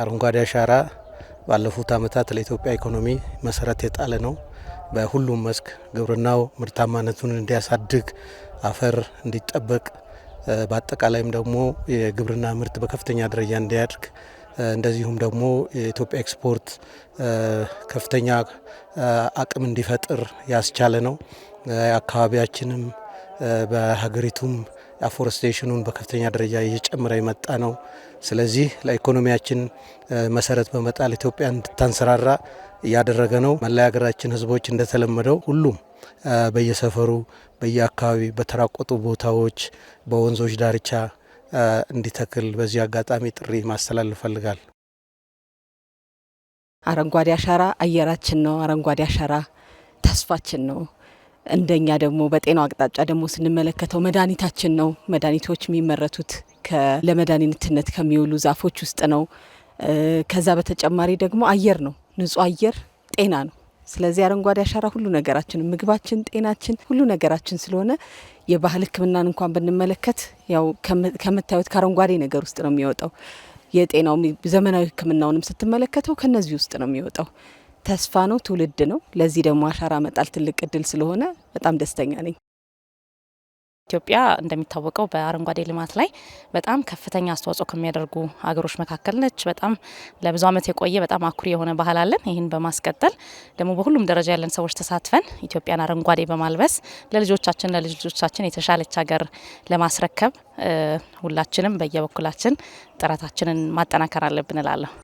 አረንጓዴ አሻራ ባለፉት ዓመታት ለኢትዮጵያ ኢኮኖሚ መሰረት የጣለ ነው። በሁሉም መስክ ግብርናው ምርታማነቱን እንዲያሳድግ፣ አፈር እንዲጠበቅ፣ በአጠቃላይም ደግሞ የግብርና ምርት በከፍተኛ ደረጃ እንዲያድግ እንደዚሁም ደግሞ የኢትዮጵያ ኤክስፖርት ከፍተኛ አቅም እንዲፈጥር ያስቻለ ነው። አካባቢያችንም በሀገሪቱም አፎረስቴሽኑን በከፍተኛ ደረጃ እየጨመረ የመጣ ነው። ስለዚህ ለኢኮኖሚያችን መሰረት በመጣል ኢትዮጵያ እንድታንሰራራ እያደረገ ነው። መላይ ሀገራችን ህዝቦች እንደተለመደው ሁሉም በየሰፈሩ በየአካባቢ በተራቆጡ ቦታዎች፣ በወንዞች ዳርቻ እንዲተክል በዚህ አጋጣሚ ጥሪ ማስተላለፍ ፈልጋል። አረንጓዴ አሻራ አየራችን ነው። አረንጓዴ አሻራ ተስፋችን ነው። እንደኛ ደግሞ በጤናው አቅጣጫ ደግሞ ስንመለከተው መድኃኒታችን ነው። መድኃኒቶች የሚመረቱት ለመድኃኒትነት ከሚውሉ ዛፎች ውስጥ ነው። ከዛ በተጨማሪ ደግሞ አየር ነው። ንጹህ አየር ጤና ነው። ስለዚህ አረንጓዴ አሻራ ሁሉ ነገራችን፣ ምግባችን፣ ጤናችን ሁሉ ነገራችን ስለሆነ የባህል ሕክምናን እንኳን ብንመለከት ያው ከምታዩት ከአረንጓዴ ነገር ውስጥ ነው የሚወጣው። የጤናው ዘመናዊ ሕክምናውንም ስትመለከተው ከነዚህ ውስጥ ነው የሚወጣው። ተስፋ ነው፣ ትውልድ ነው። ለዚህ ደግሞ አሻራ መጣል ትልቅ እድል ስለሆነ በጣም ደስተኛ ነኝ። ኢትዮጵያ እንደሚታወቀው በአረንጓዴ ልማት ላይ በጣም ከፍተኛ አስተዋጽኦ ከሚያደርጉ ሀገሮች መካከል ነች። በጣም ለብዙ ዓመት የቆየ በጣም አኩሪ የሆነ ባህል አለን። ይህን በማስቀጠል ደግሞ በሁሉም ደረጃ ያለን ሰዎች ተሳትፈን ኢትዮጵያን አረንጓዴ በማልበስ ለልጆቻችን ለልጅ ልጆቻችን የተሻለች ሀገር ለማስረከብ ሁላችንም በየበኩላችን ጥረታችንን ማጠናከር አለብን እላለሁ።